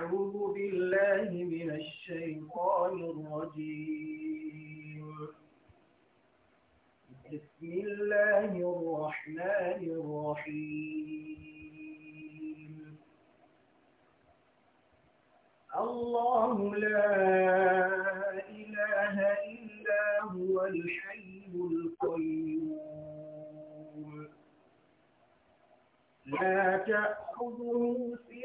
أعوذ بالله من الشيطان الرجيم بسم الله الرحمن الرحيم الله لا إله إلا هو الحي القيوم لا تأخذه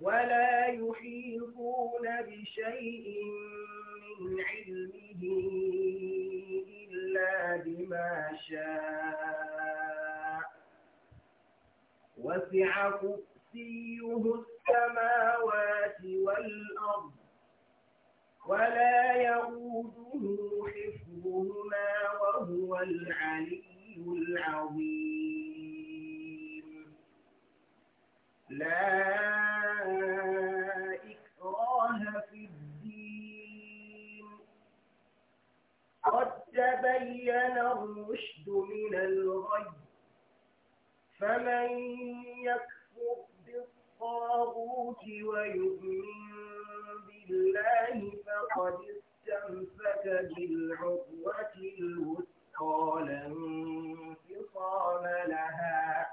ولا يحيطون بشيء من علمه إلا بما شاء وسع كرسيه السماوات والأرض ولا يئوده حفظهما وهو العلي العظيم لا إكراه في الدين قد تبين الرشد من الغي فمن يكفر بالطاغوت ويؤمن بالله فقد استمسك بالعروة الوثقى لا انفصام لها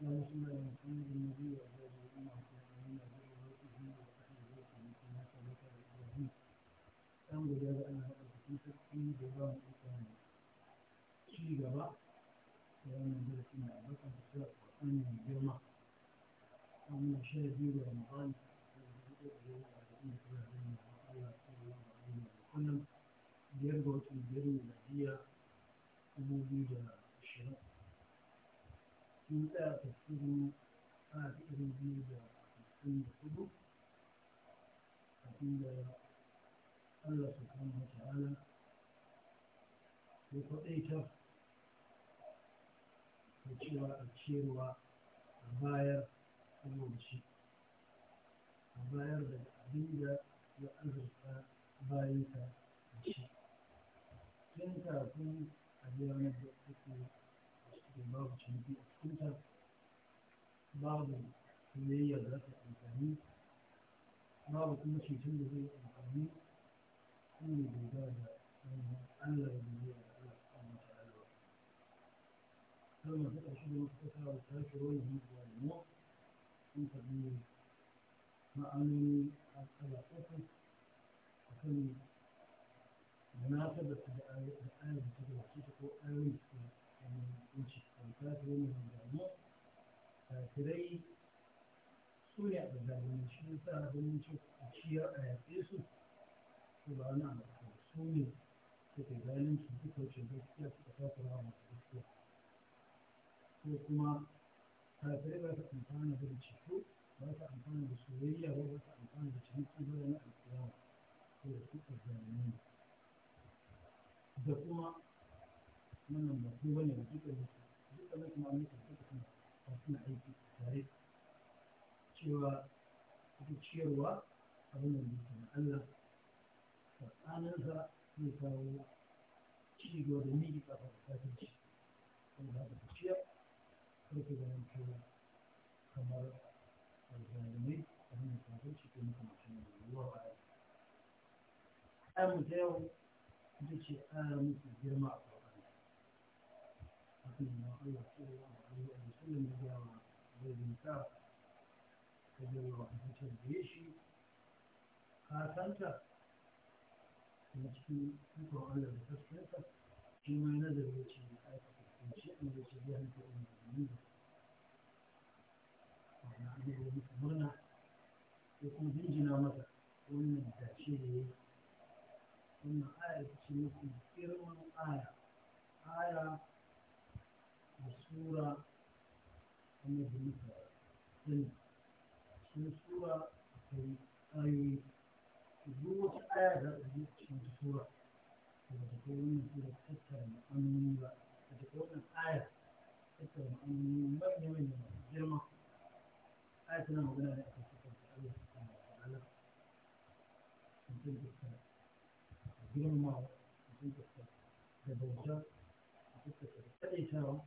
ci gaba da wannan darasi mai albarka da cewa ƙwaƙwani mai girma a wannan shirya biyu da ramadan kullum biyar ga watan biyar miladiya dubu biyu da sun tsaya tafsirin a ta biyu da hamsin da hudu kafin Allah subhanahu wa ta'ala ya faɗaita da cewa a cewa a bayar amurci a bayar da abin da ya azurta bayanka da shi tun kafin a biya na da ake babu ciniki بعض اللي هي دراسة الأنفاني بعض كل شيء جنبه هي الأنفاني كل بداية منه ألا بداية الله سبحانه وتعالى فلما فتح شبه المفتاح والكافرون هم الظالمون من تقدير مع أنني على أسف وكان مناسبة لآية بتدرسيتك وآية kafirai su ne a zalimi shi yasa abin ci a ciyar a su su ba wani abu su ne suka zalunci suka wuce gaskiya suka takura wa masu gaskiya ko kuma kafirai ba su amfana da ceto ba su amfana da soyayya ba su amfana da ciniki ba na alƙiyawa ko da da kuma wannan ba kuma bane ba duka ne duk abin kuma an yi kuma ba suna aiki tare cewa ita ciyarwa abin da yake na Allah tsakaninsa zai kawo ci gaba da miki kafa da kafin shi kuma ba ta ciyar karfe cewa kamar alzalimai abin da kafin ci kuma kamar shi ne ruwa ba a Ayyar mu ta yau ita ce ayyar mu girma a aikin da Allah sallallahu alaihi wa sallam ya ga wa zai ka ka ga wa an tambaye shi ka santa kuma cikin ikon Allah da gaskiyarsa shi ma nazari ya ce ya aikata kuma shi an zai ce zai hanta umarni da wani abin da ya mutu murna ya kuma jinjina masa wannan dace da ya wannan aya ce aya sura annabi Musa din cikin sura akwai ayoyi duk wata aya da ta cikin sura da ta kai wannan sura ta tattara ma'anoni ba da ta kai wannan aya ta tattara ma'anoni manya-manya masu girma aya tana magana da aka cikin Allah subhanahu wa ta'ala mutum da ta girmamawa mutum da ta da bauta mutum da ta kaɗaitawa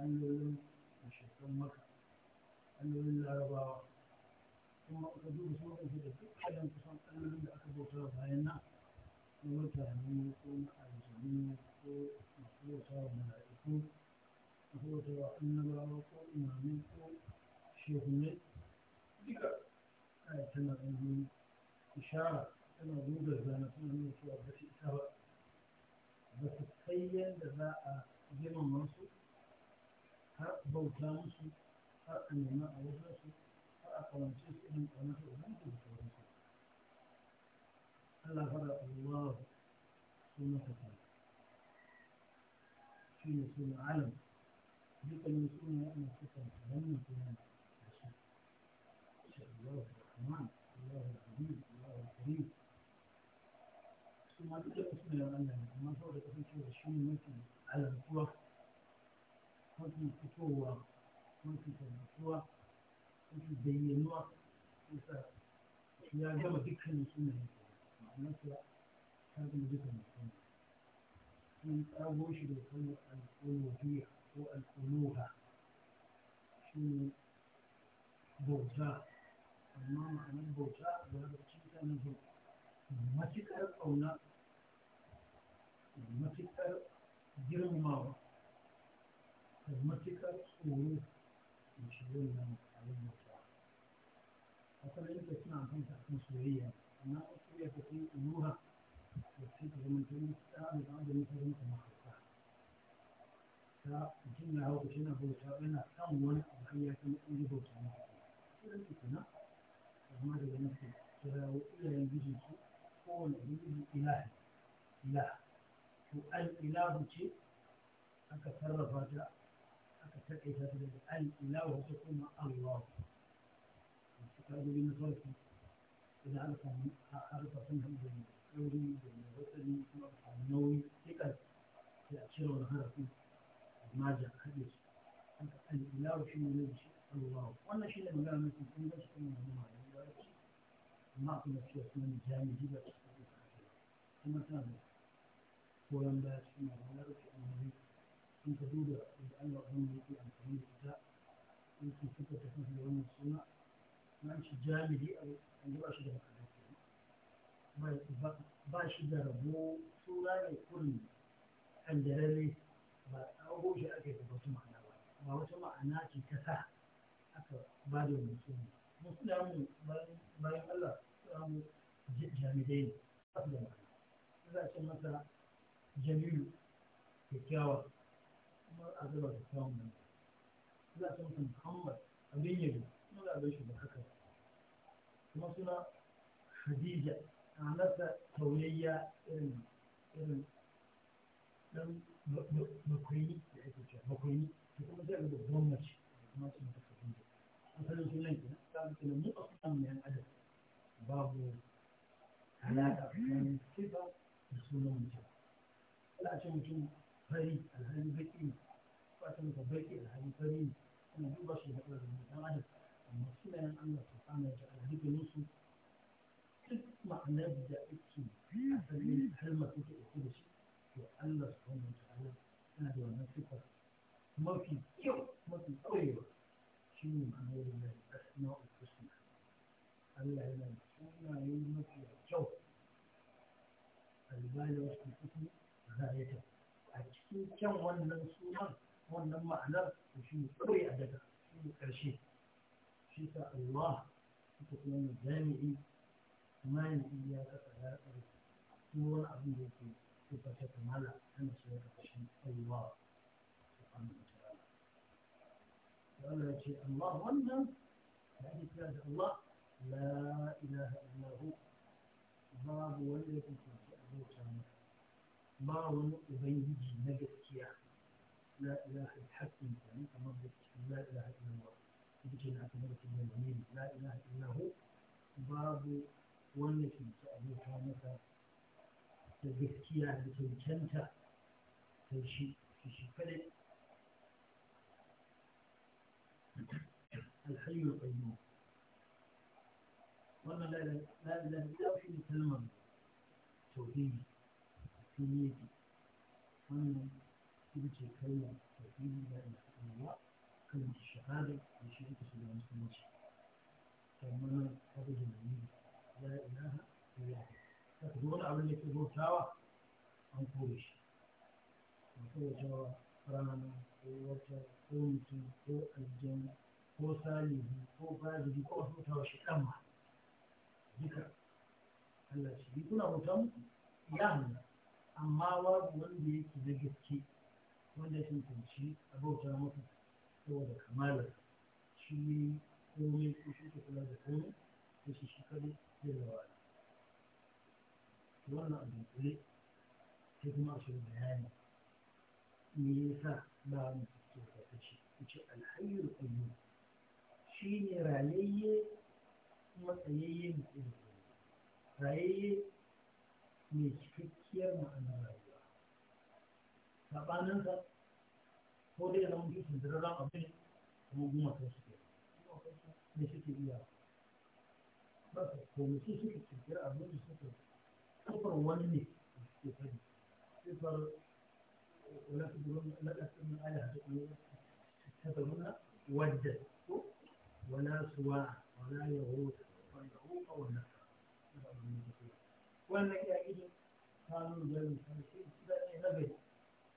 allolin mashakan maka allolin larabawa kuma aka duba sun ɗauke da dukkanin kusan allolin da aka bauta bayan na na mutane ko na aljanu ko masu bauta wa mala'iku masu bauta wa annabawa ko imamai ko shehunai duka kaya tana ɗan ishara tana duba zana suna nuna cewa ba su isa ba ba su kai yadda za a girmama su har bauta musu har a nema a wajen su har a kawance su irin kawance su zan kuma sauran su Allah fara Allah suna ta ta shi ne suna alam dukkanin suna ya ana sukan wannan suna da su shi Allah Rahman Allah Rahim Allah Rahim suna duk da suna yawan Allah amma saboda kasancewa shi ne mafi alam kuwa وانتم تشوفوها وانتم تلبسوها وانتم تزينوها يا جماعة ديك حلو سنة معناتها هذا مجد من أول شيء يقول الألوهية هو الألوهة شنو بوجاء أما معنى البوجاء وهذا الشيء كان نزول ما تكأر أو لا ما تكأر girmamawa da matuƙar tsoro da shi wannan abin mutuwa akwai da suna amfani da kan soyayya amma a soyayya ta kai inuwa da sai ta zama ta yi tsarin da abin ta zama kamar hauka ta mutum ya hauka shi na bauta yana kan wani abu har ya san an yi bauta na irin su kuna amma daga nan su kirawo iyayen bijin su kowane bijin ilahi ilah to al ilahu ce aka sarrafa ta الإله ثم الله فقالوا بما صرفوا إذا عرف عرف منهم بالنووي والمغسلي والنووي ثقل في أبشر والغرف ما جاء حديث الإله شنو نجي الله وأنا شيء لما قال مثل إن بس كنا ما ما أعطي نفسي أسمان جامي جدا ثم ثابت ولم لا يسمع ولا يسمع in ka duba da Allah ɗan yake amfani da ita yake suka tafi da wannan suna na shi jami'i ba shi da makarantar ba shi da rabo suna ne kurin kandarare ba ɗago shi aka yi da wata ma'ana ba ba wata ma'ana ce ta aka ba da wannan suna wasu damu bayan Allah samu jami'ai ne su da ma'ana za a ce jami'u kyakkyawa azabar da kyawun nan za a san muhammad a ganyaru kuma za a gaishe da haka kuma suna khadija a nasa tauyayya irin irin dan makwaini da ake cewa makwaini to kuma zai ga babban mace kuma su mata khadija asalin sunan kenan ta ga kenan mu a kan mai adam babu alaƙa tsakanin sifa da sunan mutum ala ce mutum fari alhali baƙi aka yi babbar ke da hankali ana duba shi da ƙarfin ɗan adam amma sunayen Allah su kana da alhibinin su duk ma'anar da ake asalin kalmar da ke ɗauke da shi to Allah su kana da Allah yana da wannan sifar mafi kyau mafi ƙwarewa shi ne ma'anar da ya asma ukusuna Allah yana da sunaye mafi kyau albani wasu kuku za a yi ta a cikin kyan wannan sunan هون لما احنا شيء قوي عدد شيء شيء الله تكون جامعي ما يجي على هذا نور عبد في بس تمالا انا شايف شيء الله سبحانه وتعالى قال شيء الله ونا يعني كذا الله لا اله الا هو ما هو الذي في الارض ما هو الذي في النجس لا إله إلا حق يعني أمر لا إله إلا الله بجنا أكبرت من اليمين لا إله إلا هو باب والتي سألوها متى تذكية لتنتنت تنشي في شفلة الحي القيوم وانا لا لا لا لا إلا في كلمة توحيد في نيتي وانا تبكي كلمة توحيد لا إله إلا الله كلمة الشهادة لشريك سبيل المسلمين كمان أبو جميل لا إله إلا الله تقول أبو لك أبو تاوى أن قولش أن قولش رانا ووتا قومت قو الجنة قو صالح قو فاجد قو فوتا وشكما ذكر Allah shi kuna mutum ya amma babu wanda yake da gaske wanda ya cancanci abauta masa saboda kamalar shi ne komai ko shi ke kula da komai ko shi shi kaɗai zai rawa wannan a dunkule sai kuma a shirin bayani me yasa ba mu ke kwatace ce alhayyar ƙayyu shi ne rayayye matsayayye mai tsiri rayayye mai cikakkiyar ma'anar rayuwa sabaninsa ko dai zama biyu tunturarren abu ne kuma goma kai suke ne suke iya ba su komisi suke tuntura abin da suke kafar wani ne da suke sani sifar wala su duron laɗasin min ala hada kuma ta zamana wadda ko wala suwa wala yahuda wanda huka wannan wannan ya ido kanu jalin sarki da ya nagari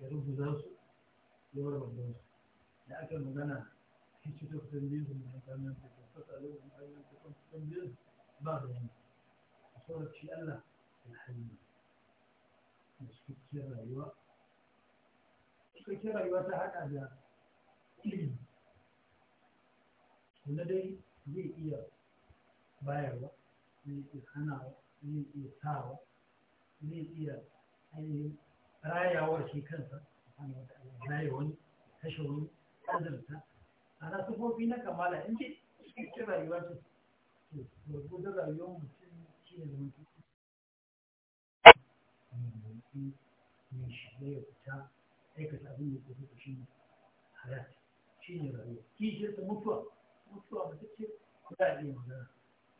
يرد درسه يورى ربنا لكن ما انا حسيت شفت تنبيه من كان من كنت من اي من كنت تنبيه بعد يعني صورة شيء الا الحلم مش كثير ايوه مش كثير ايوه تحت هذا هنا دي دي ايه بايرو دي ايه خناو دي ايه ساو دي ايه rayawar shi kansa subhanahu wata'ala raya wani kashe wani azurta ana sufofi na kamala in ce cikin rayuwa su. to gudun rayuwar mutum shi ne zama tuki mai shirya ya fita aikata abin da kuka kushi halat shi ne rayuwa kishiyar ta mutuwa mutuwa ba ta ce kuda iya magana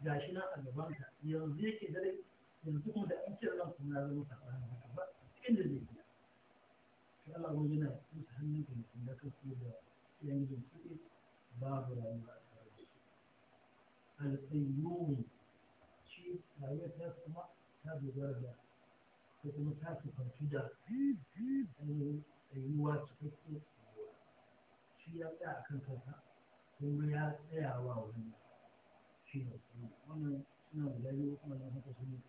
ga shi nan a gabanka yanzu yake dare yanzu kuma da an cire ran kuma ya zama tafiya ba inda zai Allah yana na kusa hannun ka na kasu da yanzu kuɗi babu rayuwa a tare da shi. Al-Qayyumi shi rayuwar ta kuma ta dogara da ta kuma ta sufanci da rayuwa cikakke shi ya tsaya a kan kansa kuma ya tsaya wa wani shi ne kuma wannan suna da lalewa kuma na haka shi ne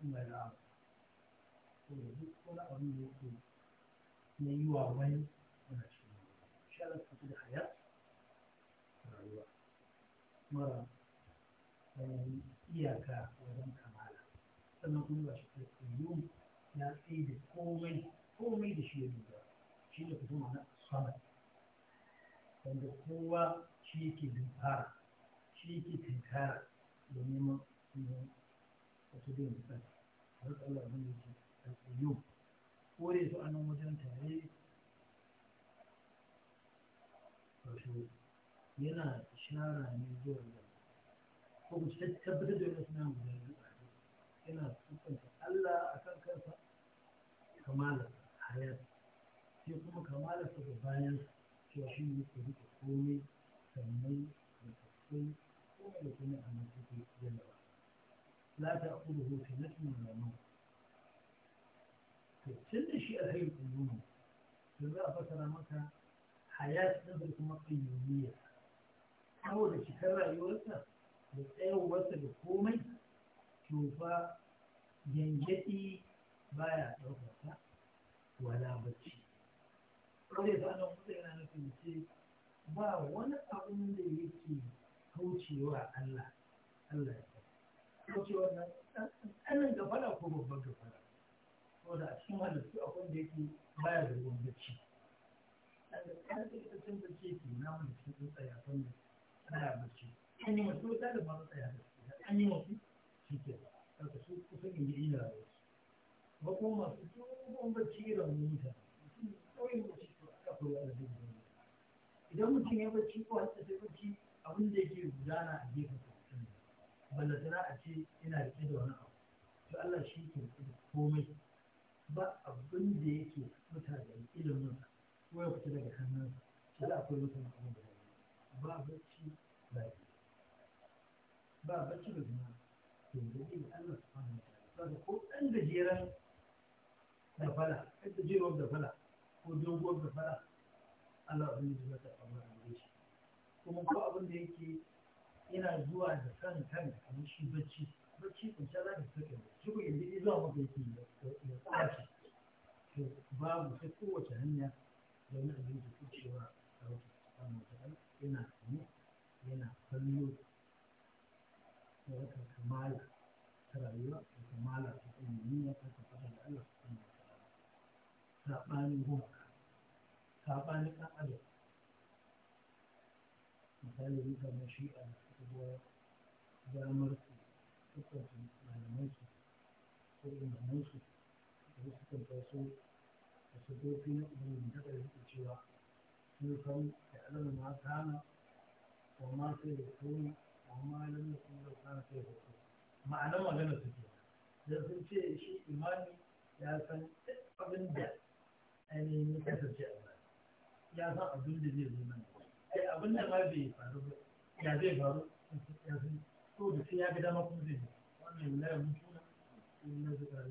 suna da abu. Kuma duk wani abu da na yi wa wani muna cikin shi Allah ta da haya rayuwa mara iyaka wajen kamala sannan kuma ba shi ta tsayu ya tsaye da komai komai da shi ya duba shi ne kuma na samar wanda kowa shi yake dubara shi yake tunkara da neman wasu bin misali a wasu Allah abin da ke tsayu kore su anan wajen tare wato yana shara ne zuwa ga ko ku tabbatar da wani suna guda yana kusanta Allah a kan kansa kamala hayat sai kuma kamala su ga bayan cewa shi ne ke rike komai sannan da kasai komai da kuma a nan suke yalla ba la ta kudu hoto na tunanin tun da shi a kai kayyumu to za a fasara maka hayat ɗin da kuma kayyumiya saboda cikar rayuwarsa da tsayawarsa da komai to fa gyangyaɗi baya ɗaukarsa wala bacci kawai da ana kusa yana nufin ce ba wani abin da yake kaucewa Allah Allah ya kaucewa nan ɗanin gafara ko babban gafara saboda a cikin su akwai da yake baya da ruwan bacci kan da ita cin bacci yake na wanda cikin tsuntsaye a kan tsaya bacci an yi masu wata da masu su da su an yi masu shi ke daga su kusan yin yi su. ba kuma masu tsohon bacci irin wani mutane mutum bacci to aka fi wani zai idan mutum ya bacci ko hatta sai bacci abin da yake gudana a gefen sa ballatana a ce ina rike da wani abu to Allah shi ke komai abin da yake mutane ilimin sa ko ya fita daga hannunsa shi da akwai mutane abin da ba bacci ba ba bacci ba zina to da ne Allah subhanahu wa ta'ala saboda ko dan gajeren da fala dan gajeren da fala ko dogon da fala Allah abin da zai ta amma a shi kuma ko abin da yake yana zuwa da san kan kamar shi bacci bacci kun sha za ka saka shi ko yanzu zuwa maka yake ya tsaya to babu ta kowace hanya da wani abin da ke cewa a wata samun wata yana kamala, yana kallo da wata kamala ta rayuwa da kamala ta ilimi ya kasa fata da Allah subhanahu wa ta'ala sabanin gumaka sabanin ɗan adam misali mutanen shi'a da suka goya damar su malamai siffanta wasu da sufofi na ubangiji ta ɗari da cewa sun san da alamun ma kana wa ma sai da kuma wa ma alamun ce ya san duk abin da ainihin ya kasance a ya san abin da zai zo nan sai abin da ma bai faru ba ya zai faru ya san ko da ya ga dama kuma zai wannan yana mutu na in na zuka da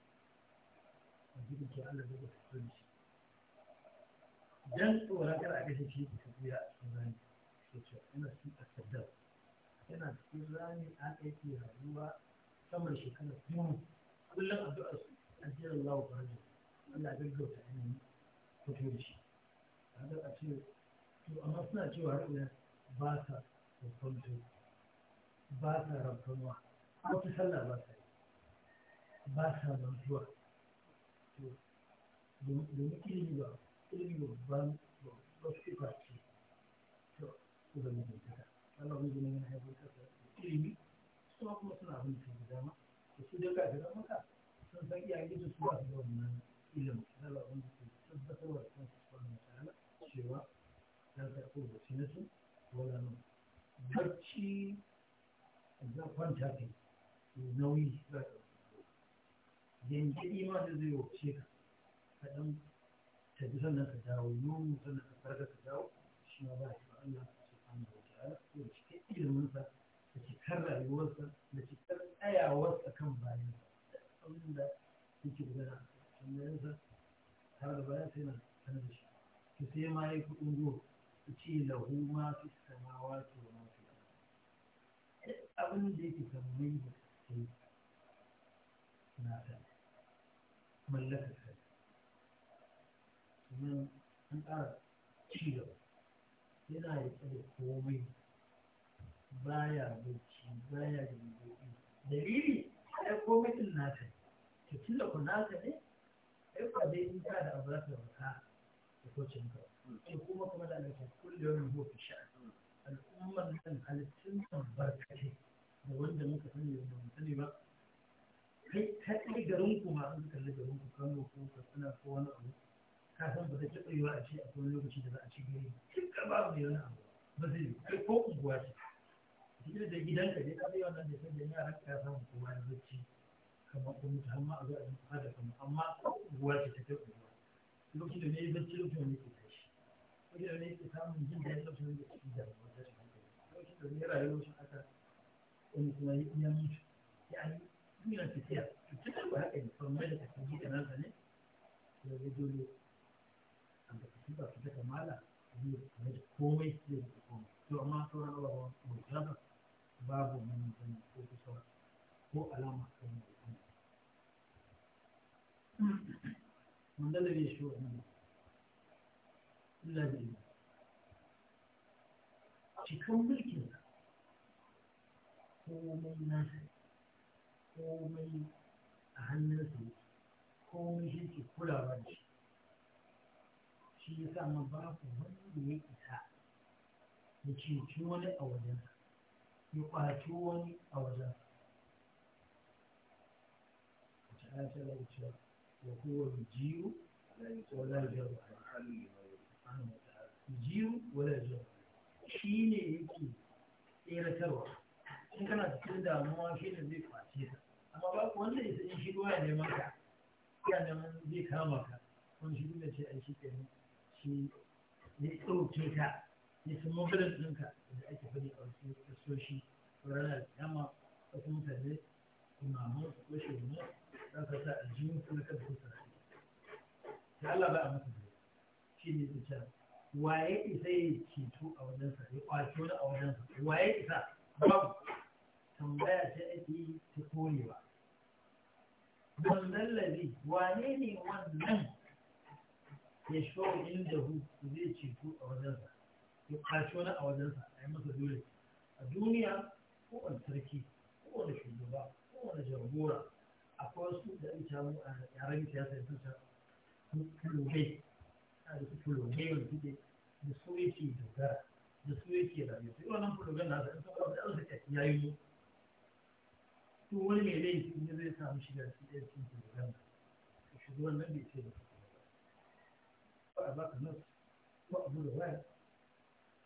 cikin ke Allah zai fito da shi dan tsoron kar a kashe shi ka a cikin rani ke ina su a yana cikin rani an aiki rayuwa saman shekarar biyu kullum addu'ar su an jira Allah wa faraja Allah zai gauta yanayi fito da shi kaga a ce to amma suna cewa har ina ba sa rufanto ba sa rafanwa wata sallah ba sa yi ba sa mantuwa a domin ilimi babban wasu ce ta ubangiji ta Allah ubangiji ne yana haifar da ilimi su kuma suna abin da ke dama da su dai kafin maka sun san iyaye su su ba su da wannan ilimin Allah ubangiji ke tabbatarwa da kansu su wani mutane cewa dan ta ko da shi nasu wala nan bacci za kwanta kai nauyi za ka yanke imanin zai wuce ka فلم تدفن تداويون فلم تفرق تداو شما باش وأن سبحانه وتعالى كل شيء إلى منفى لتكرر الوصف لتكرر أي وصف كم باين أو من ذا تيجي بدنا شما ينسى هذا باين فينا فنبش كثير ما يكون يقول تشي له ما في السماوات وما في الأرض أبن ديك تميز في ناسا ملكك nan an ƙara ci gaba yana riƙe da komai baya bacci baya da gobe dalili ai komai din naka to tunda ku naka ne ai ba dai in ka da abu za ka baka da kocin ka to kuma kuma da alaka kullu yawmin huwa al'ummar nan halittun barkatai da wanda muka sani da mu sani ba kai kai garin ku ma an kalli garin ku Kano ko Katsina ko wani abu ka san ba zai taɓa yiwa a ce a kowane lokaci da za a ci gari duk ka babu mai wani abu ba zai yi kai ko unguwa ce duk da gidanka dai ka zai wannan da sai da yaran ka san kowa ya bacci kamar ko mutu har ma a zo a yi fada kamar amma unguwa ce ta kai unguwa lokacin da ne ya bacci lokacin da ne ke tashi lokacin da ne ke samun jin daɗi lokacin da ke cikin damuwa ta shi lokacin da ne rayuwar shi aka wani kuma ya mutu ya yi duniya tafiya to tun da ba haka ne kamar da ka san gida ne ya zai dole ba su daga mala zai komai zai da komai to amma sauran abubuwan mutaba babu wani magana ko kusa ko alama kan mutum wanda da zai shi wannan illa da ila cikin mulkin komai nasa komai a hannunsa komai shi ke kulawa da shi shi ya sa ma babu wanda ya isa ya ceci wani a wajen ya kwaci wani a wajen ta ta lauce wa kowa bijiyu wala jarwa bijiyu wala jarwa shi ne yake tseratarwa in kana cikin damuwa shi ne zai kwace ta amma ba wanda ya san shi ruwa ya neman ka ya neman zai kama ka wani shi ne ce ai shi kenan shi ya ka ya ɗinka da ake faɗi a wasu kasoshi ranar yamma da kuma mutane imamu ko za ka sa aljihun kuma Allah ba a masa da shi ne ta ce waye isa ya a ya wani a waye isa babu tambaya ake ta korewa wannan lalazi wane ne wannan ya shawo inda hu zai ceto a wajensa ya kwaci wani a wajensa a yi masa dole a duniya wani sarki wani shugaba wani jagora akwai wasu da an samu a yaren siyasa ya tuta kulogai a da su kulogai wanda suke da su yake dogara da su yake rayuwa sai wannan kulogan na da sun kawo da arzika ya yi to wani mai laifi ne zai samu shiga cikin kulogan shugaban nan bai ce ko a baka nan ko a buɗe waya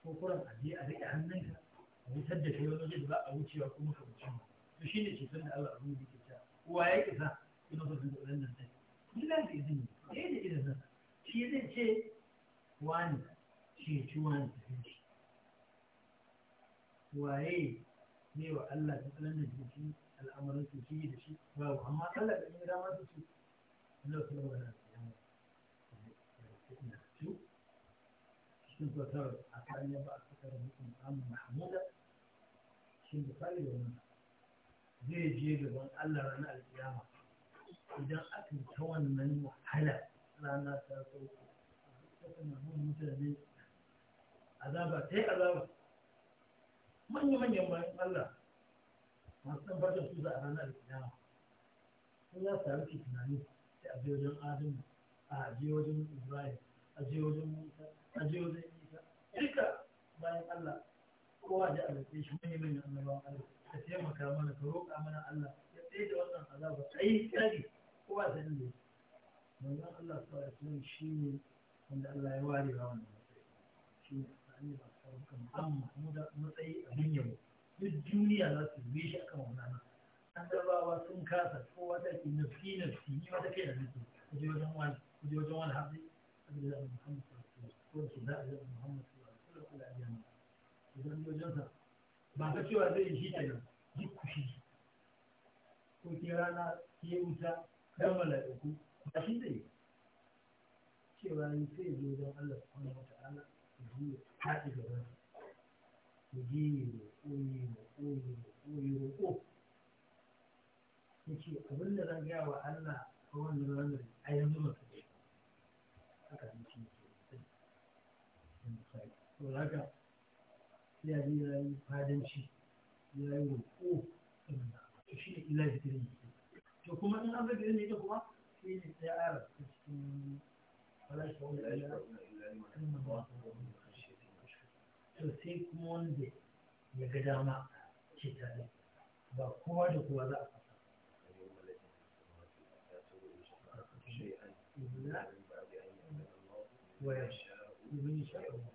ko kuran a je a riƙe hannunka a wutar da shi wani da ba a wucewa kuma ka wuce ma to shi ne ceton da Allah abin da ke ta uwa ya isa ina ba su zaɓen nan sai ni da izini ya yi da irin nan shi zai ce wani shi ya ci wani tafiya shi waye ne wa Allah ta tsanan da jiki al'amuran su shi da shi ba amma Allah da ya dama su su Allah su ba da sun fatar a kan yaba a cikin rubutun amma mahmuda shin da da wani zai je da allah ranar alkiyama idan aka ta wannan wahala rana ta sauko a cikin rubutun mutane azaba ta yi azaba manya-manyan bayan allah masu ɗan farshen su za a ranar alkiyama sun ya sami ke tunani a biyo adamu a ajiyojin israel a ajiyojin mutane a jiyo zai isa duka bayan Allah kowa da alaƙe shi manya manyan annabawan Allah ka taimaka mana ka roƙa mana Allah ya tsaye da wannan azaba a yi tsari kowa ta inda manzon Allah su ya tsaye shi ne wanda Allah ya ware ba wannan matsayi shi ne a ne ba su kan amma matsayi abin yabo duk duniya za su bi shi akan wannan annabawa sun kasa kowa ta ke nafsi nafsi ni wata kai da nake ku je wajen wani ku je wajen wani hafi a gidan Muhammad ba ka cewa zai shi ta nan duk kushi ko ke rana ke wuta dan mala'iku ba shi zai cewa ni sai zo don Allah subhanahu wata'ala ya ji ta ci gaban ya ji ya koyi ya koyi ya koyi abin da zan gaya wa Allah a wannan ranar a yanzu masu ce haka ne to haka ya yi ya yi fadanci ya yi roƙo to shi ne illa da irin to kuma in an zai irin ita kuma shi ne ta yara ta cikin to sai kuma wanda ya ga dama ce tare ba kowa da kowa za a fasa ويشاء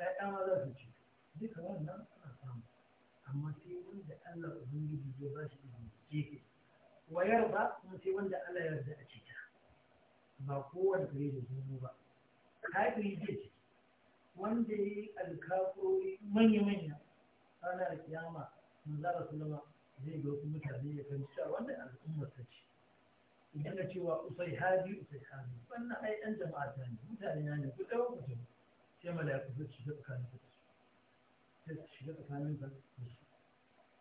ɗaya ma za su ci duka wannan ana samu amma sai wanda Allah ubangiji ya ba shi izini gefe wayar ba kuma sai wanda Allah ya yarda a ci ba kowane kare da zuwa ba kafiri zai ci wanda ya yi alkafurori manya-manya ranar kiyama manzara sulama zai ga wasu mutane ya kan cewa wanda al'ummar ta ce idan ka cewa usai hadi usai hadi wannan ai ɗan jama'a ta ne mutane na ne ku ɗaukar mala'iku sai su shiga tsakanin su sai su shiga tsakanin su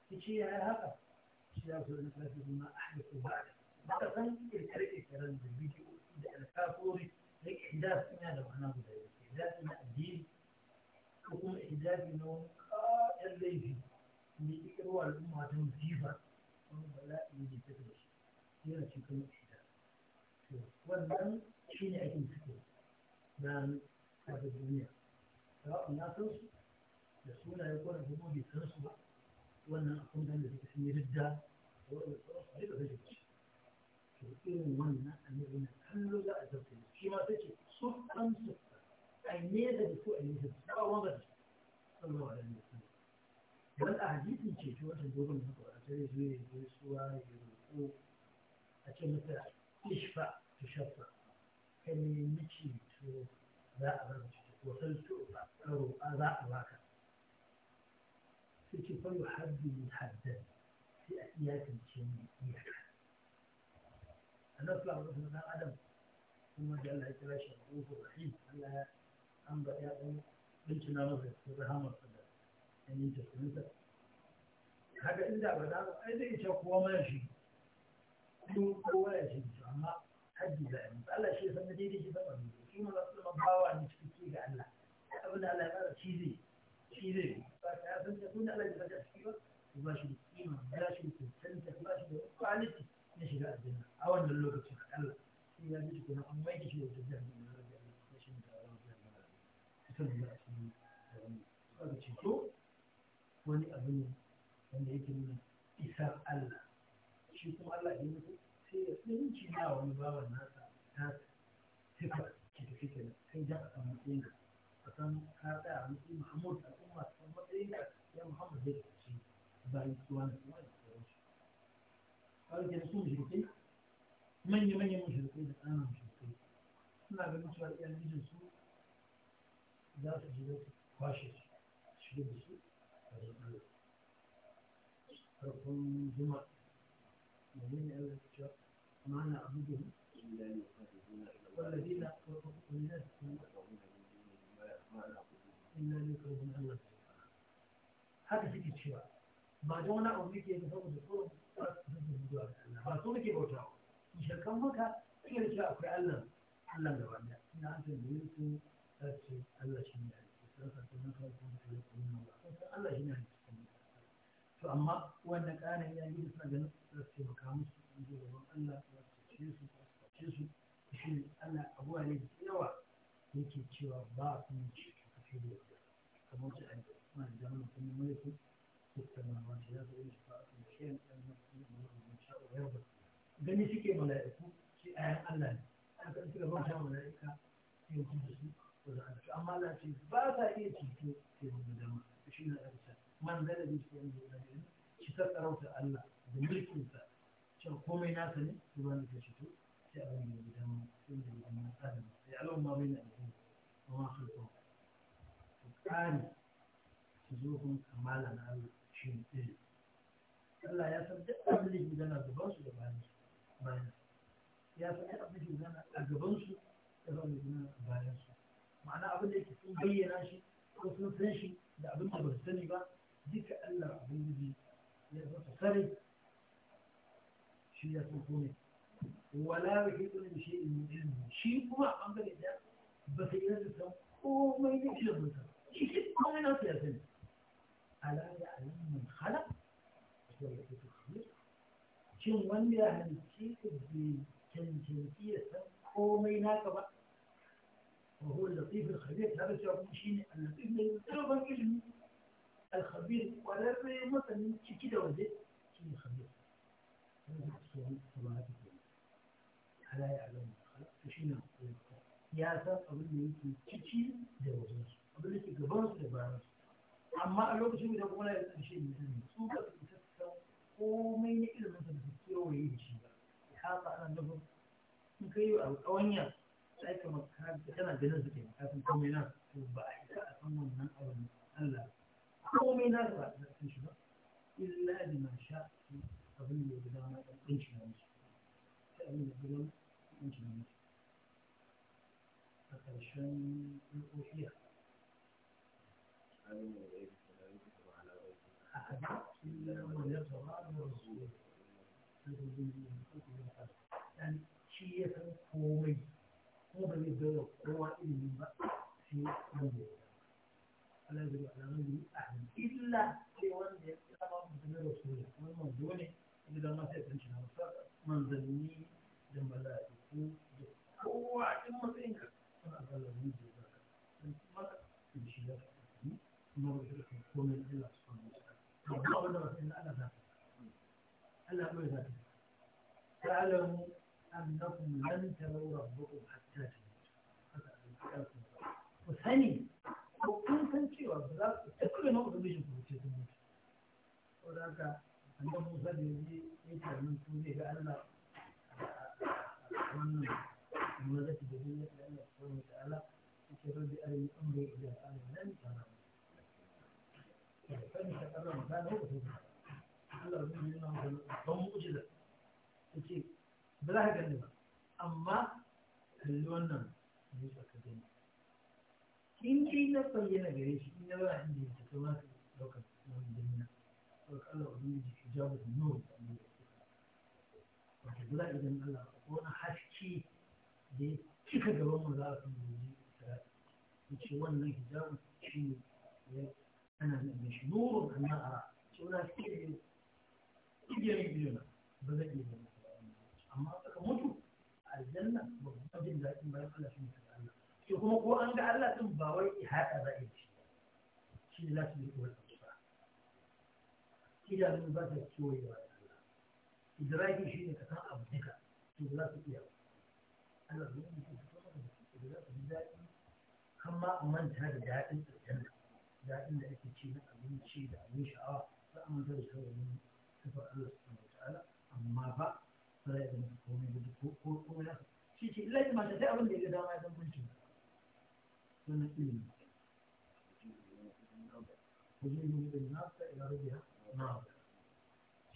ki ce ya yi haka shi ya so na tafi kuma a haifu ba ba ka san kirkar kirkirar da bidiyo da alkafori da ihdas ina da ma'ana guda biyu ihdas na addini ko kuma ihdas na wani ƙa'ar laifi ne ikirwa al'umma ta musifa wani bala'i ne ta da shi yana cikin ihdas wannan shi ne ake cikin na kafin duniya sawa'un ya san su da sunaye ko da kuma bai san su ba wannan akwai da da sun yi ridda da wanda sauran su da zai ci to irin wannan annabi na kallo za a zarta shi ma sai ce su kan su ai ne da su ai ne da su ba wanda da sallallahu alaihi wasallam dan a hadisin ce to wannan dogon na Qur'ani sai zai yi gaisuwa ya roƙo a ce masa ishfa tushaffa kai miki to za a zarta وصلت تؤفى أو أذى أراك فكيف يحدد حدا في أحياء الجنة أنا أطلع من ابن آدم ثم جعل عتباش رؤوف الرحيم أنها أنبأ يا أم بنت نامزة في الرهام يعني أنت فهمت هذا إلا بدأ إذا يتقوى ماشي kowa ya ce amma hajji za a yi Allah shi san daidai shi zama ne shi mun rasu man bawa ne abin da Allah ya fara shi zai shi zai ba ta san da kun da Allah ya fara shi ba to ba shi da kima ba shi da cancanta ba shi da quality na shiga aljanna a wannan lokacin Allah sai ya ji kuma an mai shi da tafiya da Allah na shi da Allah ya fara shi da shi da wannan ba ce to wani abu ne wanda yake nuna isar Allah shi kuma Allah ya yi sai ya tsinci na wani bawan nasa ta sifar ki tafi kenan sai da a samu tsinka san ka tsaya mutum mahmud al'umma ta san matsayin ka ya muhammad zai kace bayan suwa na suwa da sauran shi kawai ke su mushrikai manya-manyan mushrikai da ƙananan mushrikai suna ganin cewa iyan mijin su za su je su kwashe su shigar da su a zuwa farkon zuma da ne Allah ya cewa ma'ana abu da والذين يقولون inna ne Allah haka suke cewa ba don wani abu yake da saboda tsoron zuwa ga Allah ba so bauta ba shirkan maka iya cewa akwai Allah Allah da wanda ina an ta ce Allah shi ne Allah Allah shi ne to amma wannan ya yi su taimaka musu in ji gaban Allah za su ce su su ce su shi Allah abuwa ne da yawa yake cewa ba su وهو اللطيف الخبير لا بس يعرف مشين اللطيف من الدرجة العلمية الخبير ولا مثلا شيء كده وزي شيء خبير هذا الصور طبعات على يعلم خلاص فشينا يا ترى قبل ما يجي تشي دوزنس قبل ما يجي بانس دوزنس أما ألوك شو بدك ولا شيء مثلا سوق مثلا ومين إلى مثلا في كيلو ويجي شيء حاطة على نفر مكيو أو أونيا ai kamar tana ganin su ke kafin komai na to ba a isa a san wannan abin Allah komai na ba a san shi ba illa bi ma sha abin da ya dama da kunshi na musu sai abin da ya dama kunshi na musu a ƙarshen rukuhiya يعني شيء يفهم كومي ko ba zai bai wa kowa ilimi ba sai wanda ya Allah zai wa alamun a ahli illa sai wanda ya tsaba mutum da rasula wani manzo ne inda da masu yakan cin hausa manzanni da mala'iku da kowa a cikin matsayin ka wani azalar ne zai ba ka dan kuma in shi ya faɗi kuma ba zai kai komai Allah su fara masa amma wanda ba sai na ana zaka Allah bai zaka ta'lamu أنكم لن تروا ربكم حتى ku sani ko kun san cewa ba za ta da ce mutu haka annabi Musa da yaji ya ce su zai ga Allah wannan mulkati da zai ga Allah subhanahu wa ta'ala yake rabbi amri ila ta Allah yi nan mu'jiza yace ba za ka gani ba amma kalli wannan mu'jiza in dai na bayyana gare shi in yawa inda ya tafi ma ɗaukar wani jami'a ɗaukar Allah wani jiki jawo da nuna da nuna wata guda idan Allah wani haske da ya cika gaban mu za a kan gobe ya ce wannan hijabun shi ne ya ana nuna shi nurun amma a ce wani haske da ya igiyar biyu na ba zai iya zama amma aka mutu a aljanna babban jin daɗin bayan Allah shi ne shi kuma ko an ga Allah din ba wai ihada ba a yi shi ne za su yi kuwar ba idanun ba ta kewaye wa Allah idraki shi ne ka san abu duka to za su iya Allah zai yi kuwar da za su ji daɗi kan ma a manta da daɗin aljanna daɗin da ake ci na abinci da abin sha'awa za a manta da sauran sifar Allah subhanahu wa ta'ala amma ba ba za a yi da komai da ko komai na shi ce illa ma ta sai abin da ya ga dama أحسن إلما وجئنا من الناس إلى ربها ناظر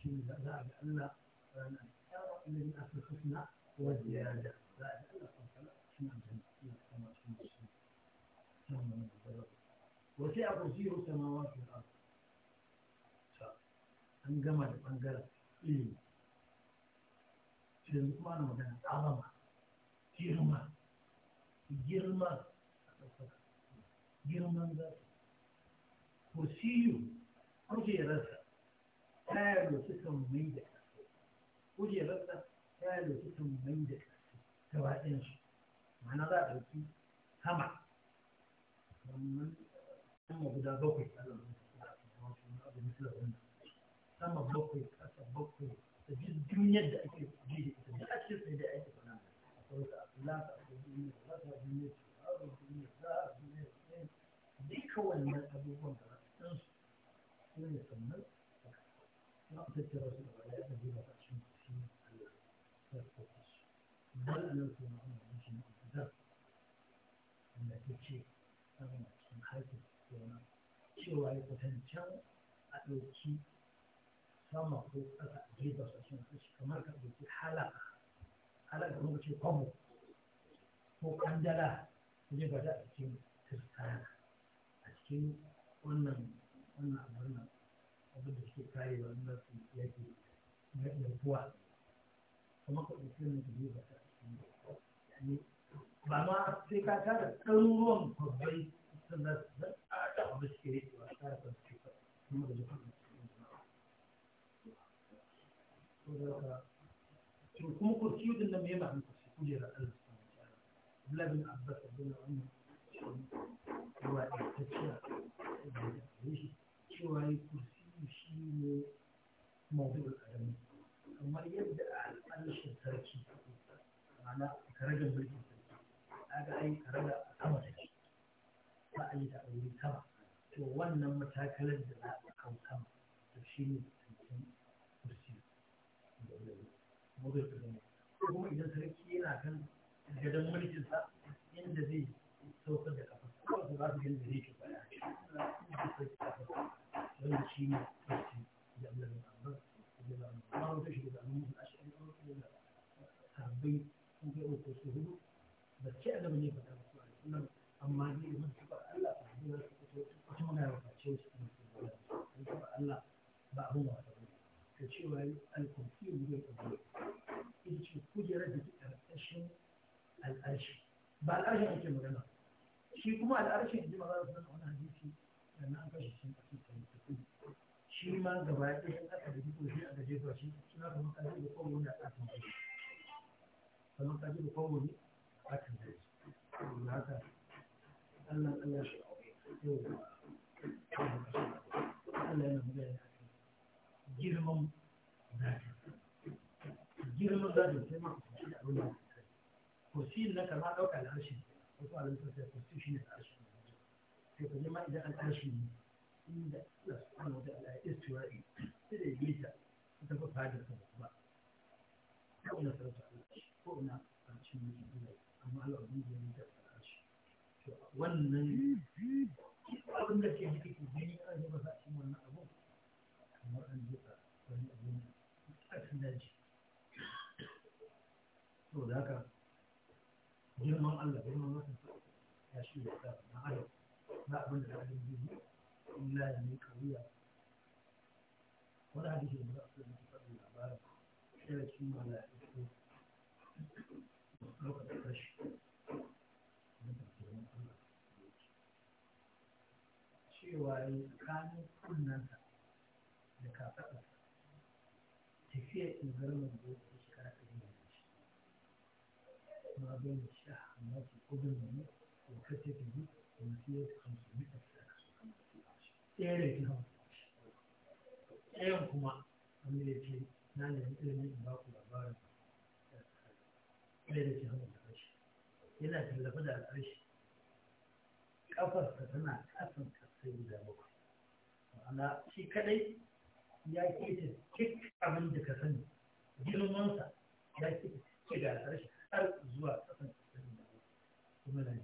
شيء لا لا لأن الإشارة الذي أخذ الحسنى والزيادة لا لأن الحسنى شنو الجنة كما شنو الشيء كما من الضرر وسع كرسيه السماوات والأرض an gama da ɓangaren ilimi sai yanzu kuma ana magana azama girma girma Por que girmansa kursiyu kujerarsa ta lotu kan mai da ƙasa kujerarsa ta lotu kan mai da ƙasa gaba ɗinsu ma'ana za a ɗauki sama wannan sama guda bakwai sama bakwai ƙasa bakwai da duniyar da ake ji da ita da ake tsaye da ake fana a kawai da a kula da a kula da a kula da a kula da a kula da duka wannan abubuwan da za sun su ne sannan za su tattara su gaba da yadda zuwa a cikin kusurin Allah ya tafi su bal Allah su na ana yin shi na abuza wanda ta ce samun a cikin haifin yana cewa ya kwatancan a ɗauki sama ko ƙasa a gefe su a cikin kashi kamar ka ɗauki halaka halaka kuma ce kwamo ko ƙandala ne ba da a cikin kirkana cikin wannan wannan abin abin da suke kare wa na su yake na kuma ka ɗauki wannan ba ta ba ma sai ka tara ɗaruruwan babbai sannan abin suke ba tara kuma da jikin kuma mai kujera Allah subhanahu wa ta'ala Abbas ruwa ɗaukacciya da cewa ya shi ne kamar yadda a al'arshin sarki mulkin sarki karaga a sama take ba a yi ta to wannan matakalar da za a kawo shi ne kuma idan sarki yana kan gadon mulkinsa yadda zai saukar da kafa su za su gani da yake baya wanda shi ne kristi da abu da ma'amar da ba a ma'amar da shi da abu musu a shi'an yawon kuma da sabbai sun kai uku su hudu ba ce a gaba ne ba ta musu a sunan amma ne da mutu ba Allah a hudu za su fito wata magana ba ce su kuma su ba da su ba Allah ba abu ba ta wani ta cewa alkunfi ne da abu ita ce kujerar da ke ƙarƙashin al'arshi ba al'arshi ake magana shi kuma al'arshi yanzu ma za su wani hadisi da na aka shi a cikin tsaye shi ma gaba ya ɗaya aka da duk wani gaje jefa shi suna kuma kaji da kowa ne a kan kai kamar kaji da kowa ne a kan kai saboda haka Allah Allah shi yau Allah yana magana girman zafi girman zafi sai ma ku ci da abin da ku ci na kama ɗauka da harshen ko ko alim sai an arshi inda da iblisa ta ba fadar ta ba ko ina sarrafa Allah ko ya shi da sa na adam na abin da adam zai yi illa ya mai kawiya wani hadisi da za su zama faɗin labarin sai da cin mala'iku lokacin kashi cewa ya yi tsakanin kunnansa da kafaɗarsa tafiya ingarman da ya fi shekara ɗari da shi ma bai sha hamadu ko bin suka ce kuma na ilimin labarin da yana tallafa da ƙarshe ƙafarsa tana ƙasan sai guda bakwai ma'ana shi kadai ya kece duk abin da ka sani girmansa ya ke har zuwa ƙasan ƙasar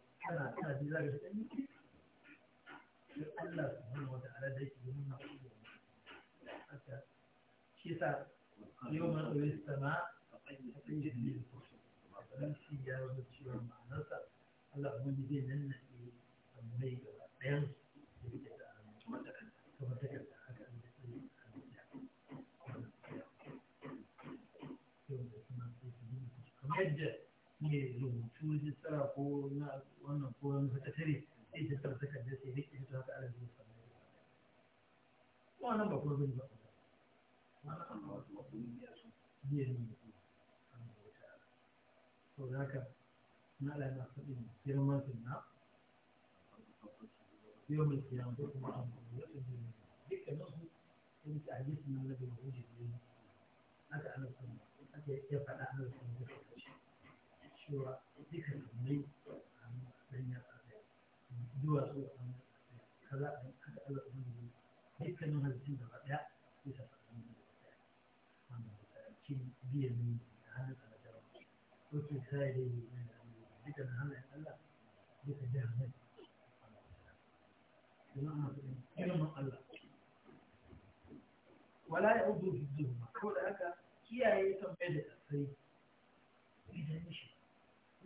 tana tana ji zaga da ɗanyi sai Allah subhanahu wa ta'ala da yake domin na uwa haka shi yasa yau ma ɗaure sama a tsayin jini da kursu ranci ya wani ciwon ma'anarsa Allah kuma ji zai nan na ke mai gaba ɗayan da yake da wanda kan kamar ta kanta haka an da tsaye a duniya yau da kuma sai su yi kamar yadda iya rubutu rijistara ko na wannan ko wani sakatare sai ta tsara takardar sai rike ta haka ala biyu sa wannan ba kuma zai ba wannan ba su ba kun biya su biya ne to da haka na ala na faɗin girman sun na yau mai kiyan ko kuma an kuma dukkanin su sun ci a na labe wujin ne aka ala sun aka ya faɗa ala sun cewa duka mai sanya tsaya zuwa su a sanya tsaya kaza a haka Allah ubin da dukkanin halittun gaba daya bisa sa'an da gaba daya wannan da tsarki biyan ne da hannun sa na jama'a ko ke sa ya yi dukkanin hannun Allah duka jihar mai kuma ana fadin ilimin Allah wala ya hudu fi zuwa ko da haka kiyaye kan bai da tsari idan shi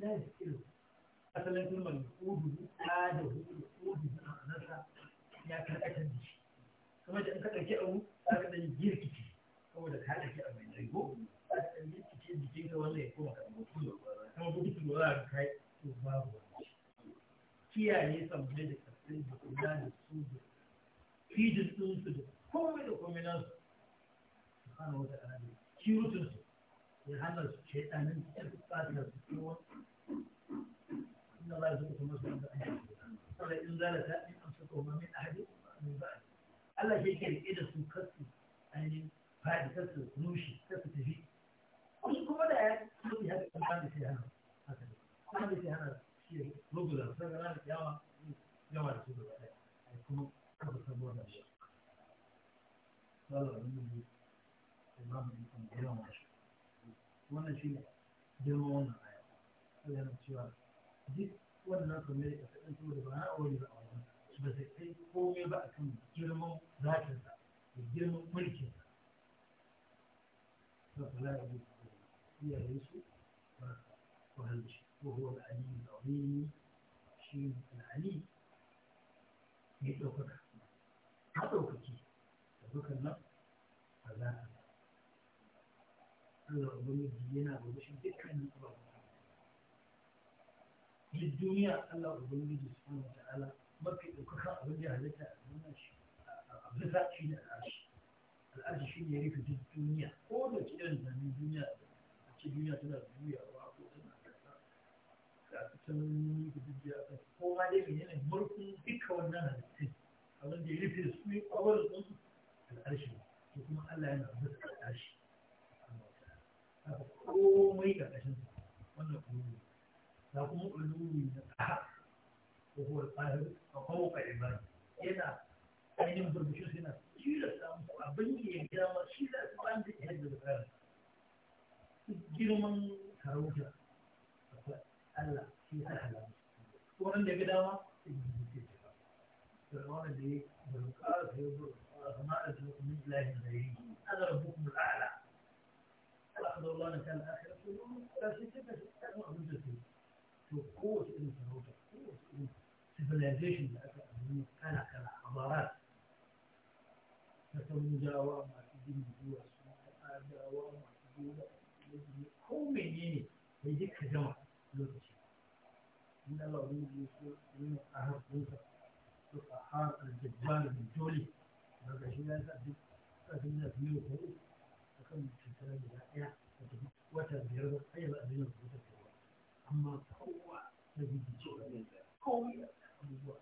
asalin kalmar udu a da udu a nasa ya karkatar da shi kuma da ka ɗauki abu za ka ɗan girkice da ka ɗauki abu mai rigo za ka ɗan girkice jikin ka wanda ya koma ka mutu da kuma kuma duk da za ka kai to babu kiyaye sammai da karfin da kula da su da fijin ɗinsu da komai da komai na su? wa ta'ala da kirutun su ya hana su shaidanin su ta su ta su إن الله يرزقكم رزقا بعيدا قال إن زالت إن أمسكهما من أحد من بعد Allah shi ke rike da su kasu ainihin fadi kasu nushi kasu tafi wasu kuma da ya nufi haka kan kan da shi hana haka ne kan da shi hana shi ruguza sai ga ranar yawa yawa da su da wata ai kuma kafa sabuwar da shi sallah wani ne imamu ne kan girma shi wannan shi ne girma wannan aya sai yana cewa duk wannan kamar da wani ba na aure ba a ba sai kai komai ba a kan girman zatinsa da girman mulkinsa ba su la abu iyayen su ba su halci ko huwa al'ali da shi al'ali mai ɗaukaka a ɗaukaki da dukkan nan a zatinsa Allah ubangiji yana gurbishin dukkanin للدنيا الله ربي سبحانه وتعالى مكي وكخاء وجه لك ماشي بزاف شي نعاش الاج شي يري في الدنيا او ده كي انت من الدنيا شي دنيا تلا دنيا واقو تما كتمني بدي اعطيك هو ما دي بيني لك مركو بكونا نفسي الله في السوي اول نص الاجل ثم قال لنا بزاف عاش الله تعالى هو ميكا عشان وانا لهم علوم يتحقق وهو القاهر فوق عباده إيه هنا أين ينظر بشوف هنا شيلة أبنية قدامة شيلة أبان تتهد بالقاهر تجيل من تروجة ألا في سهلة وعند قدامة فرعون اللي بالقاهر يقول ما أزلق من الله غيري أنا ربكم الأعلى أخذ الله نكال الآخرة لا شيء كيف تتعلم أبنجة فيه شوف قوة الانفراد قوة السيفلايزيشن كان كان حضارات فتم دعوة ما تجيب دعوة دعوة ما تجيب هو منين يجيك جمع لوكشي من الله يقول من أهل موسى القحار الجبار بن جولي هذا شيء لا تأتي تأتي من أثنين وثلاثين تكمل في الكلام الرائع وتبرر أيضا من الفتوى أما التقوى 那你做那个高远工作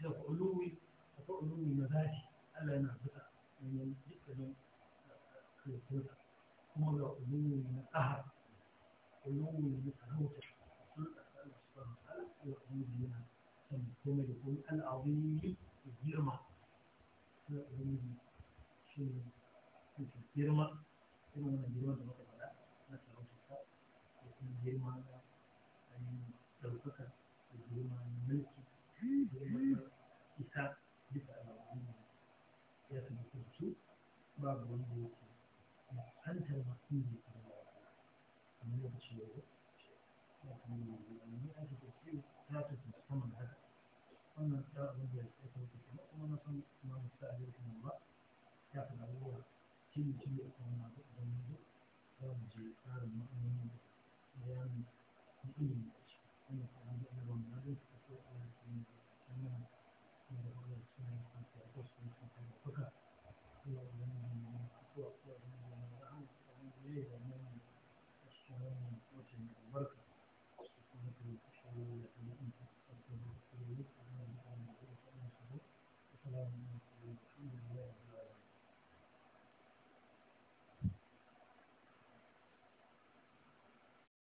，شوف علوي علوي مبادئ ألا نعبدها من يقبل كريتيفيتي هم علوي من القهر علوي من التهوت كما يقول العظيم الجرمة العلوي شيء الجرمة كما الجرمة girma ɗaukaka da girma mulki da girma isa duka al'adu ya su mutu su babu wanda yake na hantar masu ne a wani lokaci da yau ya kuma yi wani ake da ciwo ya ta fi musamman haka wannan ta abin da ya ta kuma kuma na san kuma musa a yau kuma ba ya fi abubuwa cini cini